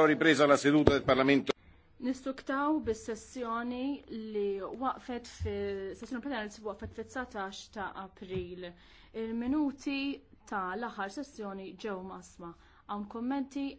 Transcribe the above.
Pro ripresa la seduta del Parlamento. Nistuktaw bis-sessjoni li waqfet fil-sessjoni plenarja li waqfet fil-19 ta' April. Il-minuti ta' l-aħħar sessjoni ġew masma. Għam kommenti